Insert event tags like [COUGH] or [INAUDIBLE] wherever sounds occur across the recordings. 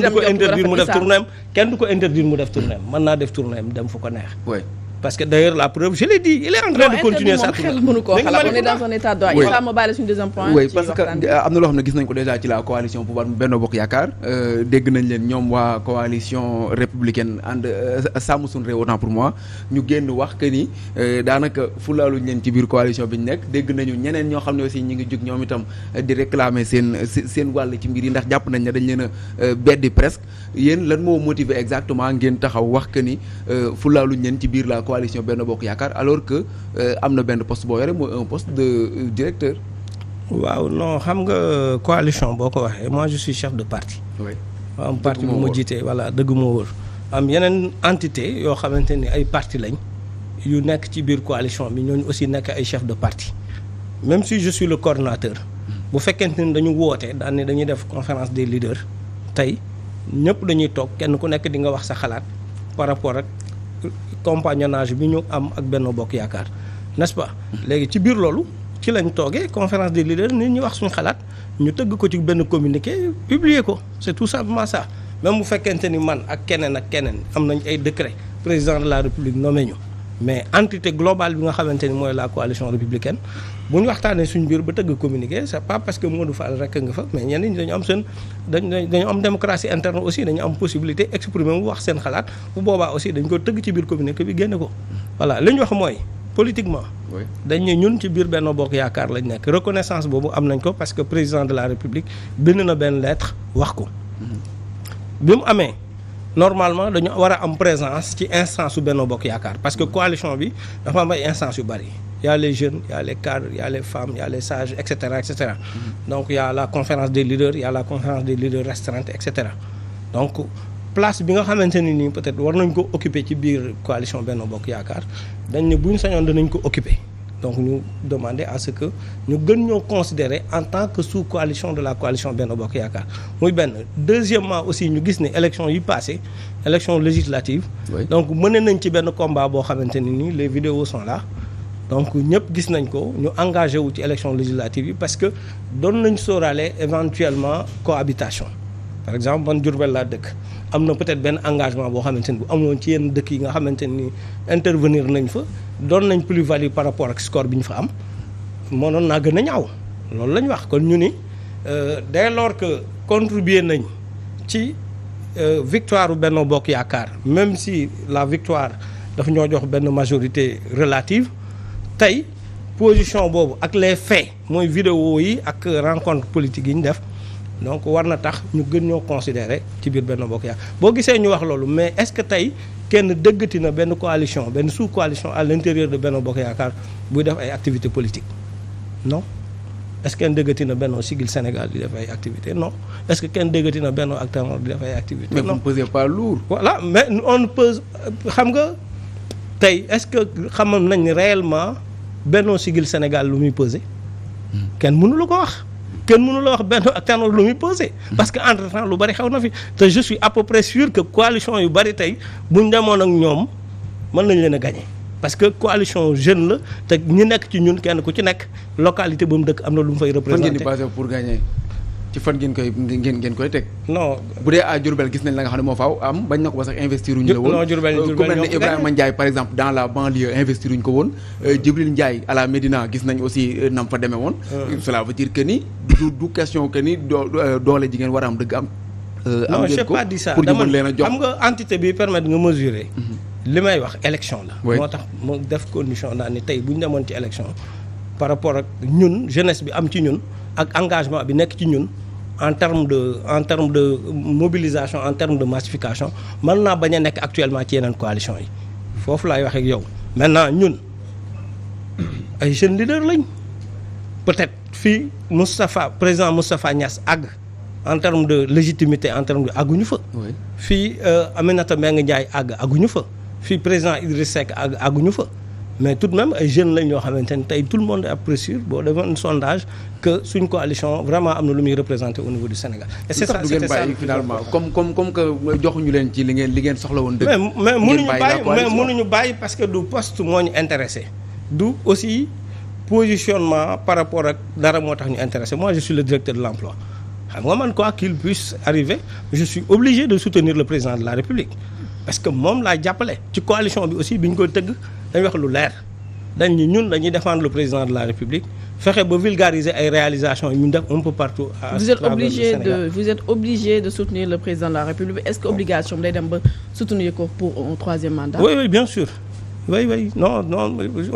kenn du ko interdire mu def tournée kenn du ko interdire mu def tournée am mën naa def tournée am dem fu ko neex parce que d'ailleurs la preuve je nañ ko déjà ci la coalition pouvoir mu Benno Bokk Yaakaar euh, dégg nañ leen ñoom waa euh, pour moi ñu génn wax que ni euh, daanaka fulaaluñ leen ci biir coalition bi ñu nekk dégg nañu ñeneen ñoo xam ne aussi ñi ngi jug ñoom itam di réclamer seen seen wàll ci mbir yi ndax jàpp nañ ne dañ leen a beddi presque yéen lan moo motiver exactement ngeen taxaw wax que ni fulaaluñ leen ci biir la coalition benn bokk yaakaar alors que euh, am na benn post boo yore mooy un poste de euh, directeur. waaw non xam nga coalition boo ko waxee moi je chef de parti. oui am parti jiitee voilà dëgg moo am yeneen entité yoo xamante ni ay parti lañ yu nekk ci biir coalition bi ñooñu aussi nekk ay chef de parti même si je le coordonnateur. bu fekkente ni dañu woote daan ne dañuy def conférence des leaders tey ñëpp dañuy toog kenn ku nekk di nga wax sa xalaat par rapport ak compagnonnage bi ñu am ak benn Bokk Yaakaar n'est-ce pas. léegi ci biir loolu ci lañ toogee conférence des leaders nit ñi wax suñu xalaat ñu tëgg ko ci benn communiqué publier ko c'est tout simplement ça même bu fekkente ni man ak keneen ak keneen am nañ ay décret président de la république nommé ñu. mais entité globale bi nga xamante ni mooy la coalition républicaine bu ñu waxtaanee suñu biir ba tëgg communiqué c'est pas parce que Modou Fall rek nga fa mais ñenn ñi dañu am seen dañ dañu am démocratie interne aussi dañu am possibilité exprimer wu wax seen xalaat bu boobaa aussi dañ ko tëgg ci biir communiqué bi génne ko voilà li ñu wax mooy politiquement dañ ne ñun ci biir benn Bokk Yaakaar lañ nekk reconnaissance boobu am nañ ko parce que président de la République bind na benn lettre wax ko mm-hmm. bi mu amee normalement dañu war a am présence ci instance su Benno Bokk Yaakaar parce que coalition bi dafa am instance yu bari y a les jeunes y a les cadres y a les femmes y a et cetera et cetera mm-hmm. donc y a la conférence des leaders y la conférence de leaders restreinte et cetera donc place bi nga xamante ne nii peut-être war nañ ko occuper ci biir coalition Benno Bokk Yaakaar dañ ne buñ sañoon danañ ko occuper donc ñu demander à ce que ñu gën ñoo considérer en tant que sous coalition de la coalition Benno Bokk Yaakaar muy benn deuxièmement aussi ñu gis ne élection yi passé élection législative oui. donc mëne nañ ci benn combat boo xamante ne nii les vidéos sont là donc ñëpp gis nañ ko ñu engagé wuti ci élection législative yi parce que doon nañ sorale éventuellement cohabitation par exemple man Diourbel laa dëkk am na peut-être benn engagement boo xamante ni bu amoon ci yenn dëkk yi nga xamante ni intervenir nañ fa doon nañ plus value par rapport ak score bi ñu fa am mënoon naa gën a ñaaw loolu la ñu wax kon ñu ni euh, dès lors que contribuer nañ ci euh, victoire u Benno Bokk Yaakaar même si la victoire dafa ñoo jox benn majorité relative tey position boobu ak les faits mooy vidéo yi ak rencontre politique yi ñu def donc war na tax ñu gën ñoo considérer ci biir benn bokk yaa boo gisee ñu wax loolu mais est-ce que tey kenn dëggati na benn coalition benn sous-coalition à l'intérieur de Benno Bokk Yaakaar buy def ay activités politiques non est kenn dëggati na Benno Siggil Sénégal di def ay activités non est que kenn dëggati na Benno Ak Tanor di def ay activités. mais vous ne pesez pas lourd. voilà mais on pèse xam nga tey est-ce que xamoon nañ ne réellement Benno Siggil Sénégal lu muy hmm. kenn mënu la ko wax. kenn mënu la wax Benno ak Tanor lu muy posé parce que entre temps lu bari xew na fi te je suis à peu près sûr que coalition yu bari tey buñ demoon ak ñoom mën nañ leen a gagné parce que coalition jeune la te ñi nekk ci ñun kenn ku ci nekk localité ba mu dëkk am na lu mu fay représenté pour gagner ci fan ngeen koy ngeen ngeen koy teg. non bu dee à Diourbel gis nañ la nga xam ne moo faaw am bañ na ko ba sax investir uñu la woon non euh, ne Ibrahima par exemple dans la ko woon euh, Djibril Ndiaye la Médina gis nañ aussi euh, nam fa demee woon cela veut dire que ni du du question que ni doole ji ngeen war a am dëgg am non j'ai pas dit ça pour ñu leen a jox xam nga entité bi permettre nga mesurer mhm. li may wax élection la moo tax moo def condition naa ni tey bu ñu demoon ci par rapport ak ñun jeunesse bi am ci ñun ak engagement bi nekk ci ñun en terme de en terme de mobilisation en terme de massification man naa bañ a nekk actuellement ci yeneen coalition yi foofu laay wax ak yow maintenant ñun ay jeunes leaders lañ peut-être fii Moustapha président Moustapha Niass àgg en terme de légitimité en terme de àgguñu fa. fii euh, Aminata Mbengue Ndiaye àgg àgguñu fa. fii président Idriss sec àgg àgguñu fa. mais tout de même ay jeunes lañ ñoo xamante ne tey tout le monde apprécie boo defoon sondage que suñ coalition vraiment am na lu muy représenté au niveau du Sénégal. et c'est ça c'est comme comme comme que joxuñu leen ci li ngeen li ngeen soxla woon. dëgg mais mënuñu bàyyi mais mënuñu bàyyi parce que du poste moo ñu intéressé. du aussi positionnement par rapport ak dara moo tax ñu intéressé moi je suis le directeur de l'emploi xam nga quoi qu'il puisse arriver je de soutenir le président de la République parce que moom laa jàppale. ci coalition bi aussi bi ñu ko tëgg. dañ wax lu leer dañ ñu ñun dañuy défendre le président de la république fexe ba vulgariser ay réalisations ñu def un peu partout. à vous êtes obligé de vous êtes obligé soutenir le président de la république est-ce que obligation day dem ba soutenir ko pour un troisième mandat. oui oui bien sûr. oui oui non non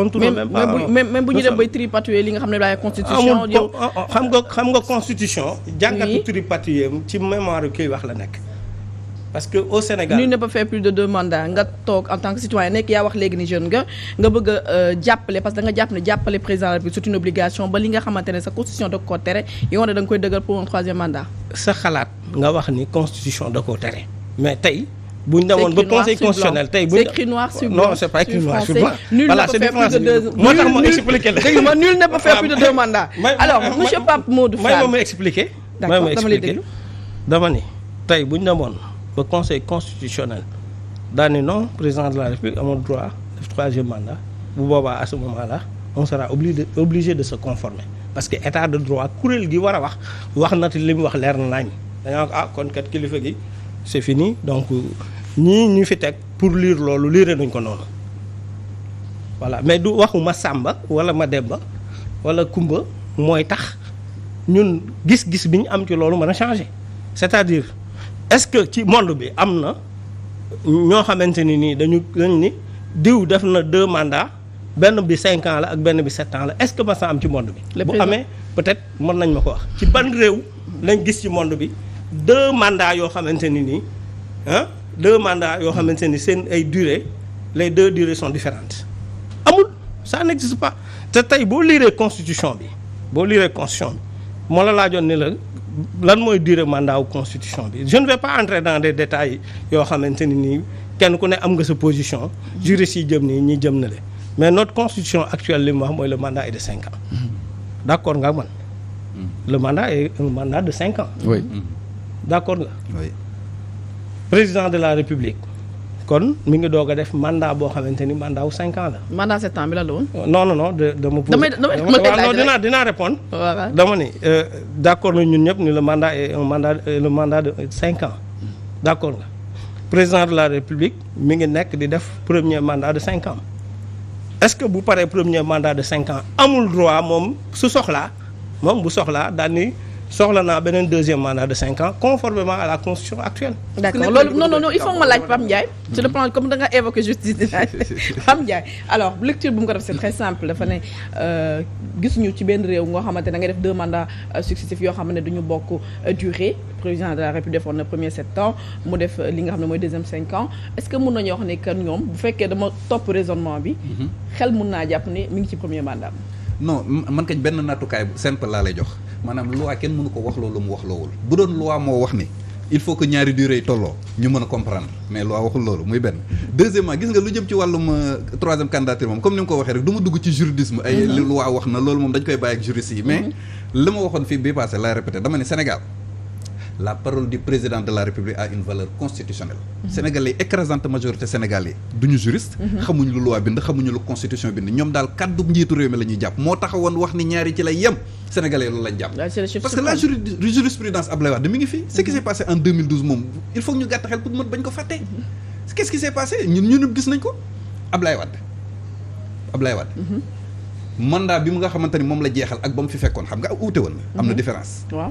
on tourne même pas même bu ñu dem bay tripatouiller li nga xam ne daal constitution. amul ah, ah, xam nga xam nga constitution. jàngatu tripatouiller ci mémoire kii wax la nekk. parce que au Sénégal nul ne peut plus de deux mandats nga toog en tant que citoyen nekk yaa wax léegi ni jeune nga nga bëgg a euh, jàppale parce que da nga jàpp ne jàppale président de la République c'est une obligation ba li nga xamante ne sa constitution da koo tere yow da koy dëggal pour un mandat. sa xalaat nga wax ni constitution da koo tere mais tey. bu ñu demoon ba conseil constitutionnel tey bu ñu. c'est écrit noir sur blanc moo tax la. dama ni tey bu ñu demoon ba conseil constitutionnel daani non président de la république amul droit def troisième mandat bu boobaa à ce moment on sera obligé de sa conformer parce que état de droit kuréel gi war a wax wax na te li wax leer na nañ dañoo ko ah kon kat kilifa gi c'est fini donc ñii ñu fi teg pour liir loolu liire nañ ko noonu voilà mais du waxu ma sàmba wala ma demba wala kumba mooy tax ñun gis-gis bi ñu am ci loolu mën a changer c'est-à-dire est-ce que ci monde bi am na ñoo xamante ni nii dañu dañ ni diw def na deux mandats benn bi cinq la ak benn bi sept ans la est-ce que masa am ci monde bi bu amee peut-être mën nañ ma ko wax ci ban réew lañ gis ci monde bi deux mandats yoo xamante ni nii ah deux mandats yoo xamante ni seen ay dure les deux durées sont différentes amul ça n'existe pas te tey boo liiree constitution bi boo liiree constitution bi moo la laajoon ni la lan mooy durée mandat wu constitution bi je ne vais pas entrer dans des détails yoo xamante ni nii kenn ku ne am nga sa position juriste yi jëm nii ñi jëm na le mais not constitution actuelle li mu wax mooy le mandat est de cinq ans d' accord nga man le mandat est mandat de cinq ans oui d' accord nga président de la république kon mi ngi doog a def mandat boo xamante ni mandat wu cinq ans la. mandat sept ans bi la la woon. non non non de de ma. damay damay waaw d' accord na ñun ñëpp ni le mandat est mandat euh, le mandat de cinq ans d' accord président de la république mi ngi nekk di def premier mandat de cinq ans est ce que bu paree premier mandat de cinq ans amul droit moom su soxlaa moom bu soxlaa daal ni. soxla naa beneen deuxième mandat de cinq ans conformément à la constitution actuelle. d'accord loolu non non non il faut ma laaj Pape Ndiaye. sur le plan comme da évoqué justice dinaa [LAUGHS] Pape Ndiaye alors lecture bu mu ko def c'est très simple dafa ne euh, gisuñu ci benn réew ngoo xamante da nga def deux mandats euh, successifs yoo xam ne duñu bokk euh, durée président de la République defoon na premier sept ans mu def li nga xam ne mooy deuxième cinq ans est que mun nañu wax ne que ñoom bu fekkee dama topp raisonnement bi. Mhm. xel mun naa jàpp ne mi ngi ci premier mandat. non man kañ benn nattukaay laa lay jox. maanaam loi kenn mënu ko wax loolu mu wax loowul bu doon loi moo wax ni il faut que ñaari durée yi tolloo ñu mën a comprendre mais loi waxul loolu muy benn deuxièmement gis nga lu jëm ci wàllum euh, troisième candidature moom comme ni nga ko waxee rek du ma dugg ci juridisme ay mm-hmm. loi wax na loolu moom dañ koy bàyyi ak juriste yi mais mm-hmm. li ma waxoon fii bii passé lay répété dama ne Sénégal la parole du président de la République a une valeur constitutionnelle. Mhm. Sénégalais yi écrasante majorité sénégalais duñu juriste. Mhm. xamuñu lu loi bind xamuñu lu constitution bind ñoom daal kàddu njiitu réew mi la ñuy jàpp moo taxawoon wax ni ñaari ci lay yem sénégalais loolu lañ jàpp. parce que la jurisprudence Abdoulaye Wade mi ngi fi. ce qui mhm. s'est passé en moom il faut ñu gàtt xel pour mën bañ ko fàtte. qu'est-ce qui s'est passé ñun ñun gis nañ ko Abdoulaye Wade Abdoulaye bi mu nga xamante ni moom la jeexal ak ba mu fi fekkoon xam nga uute woon. am na différence waaw.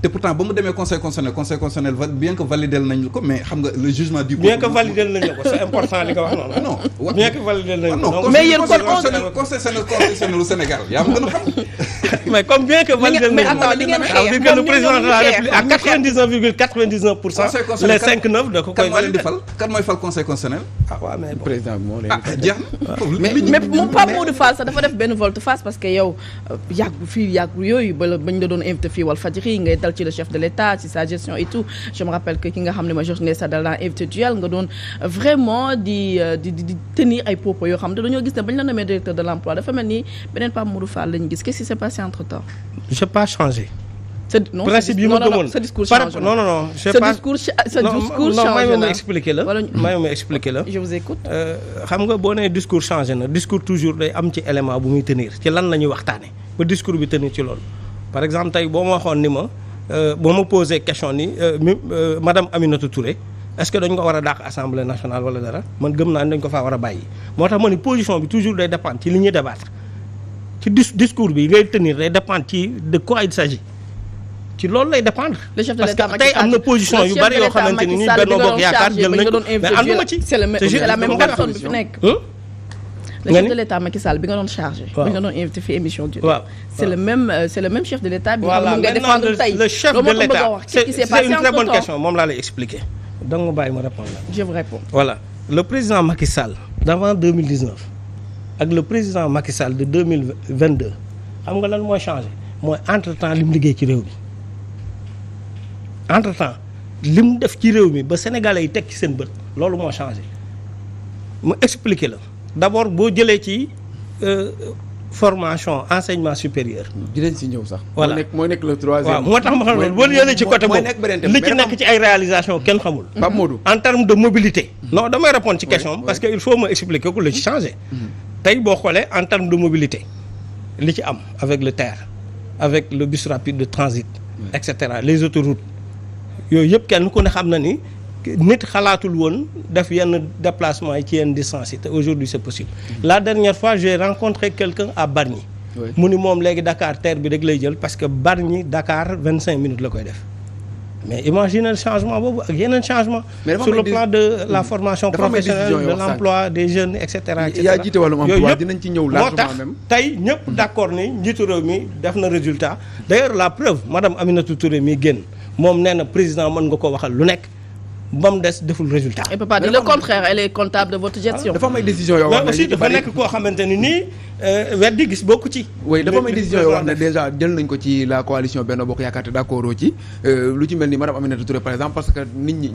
te pourtant ba mu demee conseil constitutionnel conseil constitutionnel va bien que validel nañ ko mais xam nga le jugement du. bien que validel nañ la ko c'est important li nga wax noonu. non wa bien que validel nañ ko. Ah non mais yéen kon on conseil constitutionnel lu Sénégal yaa ma gën a xam. [LAUGHS] mais comme bien que validel nañ ko li ngeen xeex dire que le président de la République à 99 virgule 99 pour cent. les 5 9 da ko koy validé kan mooy fal kan mooy fal conseil constitutionnel. ah waaw mais président bi moo leen. ah jeex na mais mais moom Pape Modou Fall sax dafa def benn volte face parce que yow euh, yàggu fii yàggu yooyu ba la bañ la doon invité fii Walfadjri ngay dal xel ci le chef de l'État ci sa gestion et je me rappelle ki nga xam ne ma Georges Ndeye Sadar la invité nga doon euh, vraiment euh, di di tenir ay propos yoo xam ne dañoo gis ne bañ la nommé directeur de l'emploi dafa mel ni beneen Pape Modou Fall lañu gis qu'est-ce qui s'est entre temps. j'ai pas changé. sa discours toujours day am ci élément bu muy tenir ci lan la waxtaane ba discours bi tenir ci loolu par exemple tey boo ma waxoon ni ma Euh, boo ma posé question ni euh, euh, madame Aminata Touré est-ce que dañ ko war a dàq assemblée nationale wala dara man gëm naa ni dañ ko faa war a bàyyi moo tax ma ni position bi toujours day dépendre ci li ñuy ci discours bi ngay tenir day dépendre ci de quoi il s'agit ci loolu lay dépendre. parce que tey am na position yu bari yoo xamante ni ñun Benno Bokk Yaakaar jël nañ ko mais ànduma ci. c'est la même personne bi fi le chef de l' état Macky Sall bi nga doon chargé. bi nga doon invité fi émission bi. waaw c' est le même euh, c' est le même chef de l' bi nga défendre tey le chef de l' état c' est une moom laa lay expliquer. donc nga bàyyi ma répondre la. le président Macky Sall. d' avant 2019 ak le président Macky de xam nga lan mooy changé mooy entre temps li mu liggéey ci réew mi entre temps li mu def ci réew mi ba sénégalais yi teg ci seen bët loolu moo changé mu expliquer la. d'abord boo jëlee ci euh, formation enseignement supérieur. dinañ si ñëw sax. voilà moo nekk moo le troisième. waaw moo tax ma xam ne boo jëlee ci côté boobu li ci nekk ci ay réalisation kenn xamul. Pape mhm. en terme de mobilité. Mhm. non damay répondre ci question parce que il faut ma expliquer ko la ci changé. Mhm. tey boo xoolee en terme de mobilité li ci am avec le TER avec le bus rapide de transit. et cetera les autoroutes yooyu yëpp kenn ku ne xam na ni. nit xalaatul woon def yenn déplacement yi ci yenn distance yi te aujourd'hui c'est possible mm-hmm. la dernière fois j'ai rencontré quelqu'un à Bargny mu ni moom léegi Dakar terre bi rek lay jël parce que Bargny dakaar vingt cinq minutes la koy def mais imaginez changement boobu ak yeneen changement sur le plan de la mm-hmm. formation professionnelle de l'emploi des jeunes et cetera et cetera yooyu yëpp dinañ ci ñëw moo tax tey ñëpp mm-hmm. d'accord ni njiitu mi def na résultat d'ailleurs la preuve madame Aminata Touré mi génn moom nee na président mën nga ko waxal lu nekk ba mu des deful résultat. et papa dit le contraire elle est comptable de votre gestion. dafa am ay décisions yoo xam ne aussi dafa koo xamante ne nii euh, weddi gis bokku ci. oui dafa am ay décisions yoo xam déjà jël nañ ko ci la coalition Benno Bokk Yaakaar te d'accord ci euh, lu ci mel ni madame Aminata Touré par exemple parce que nit ñi.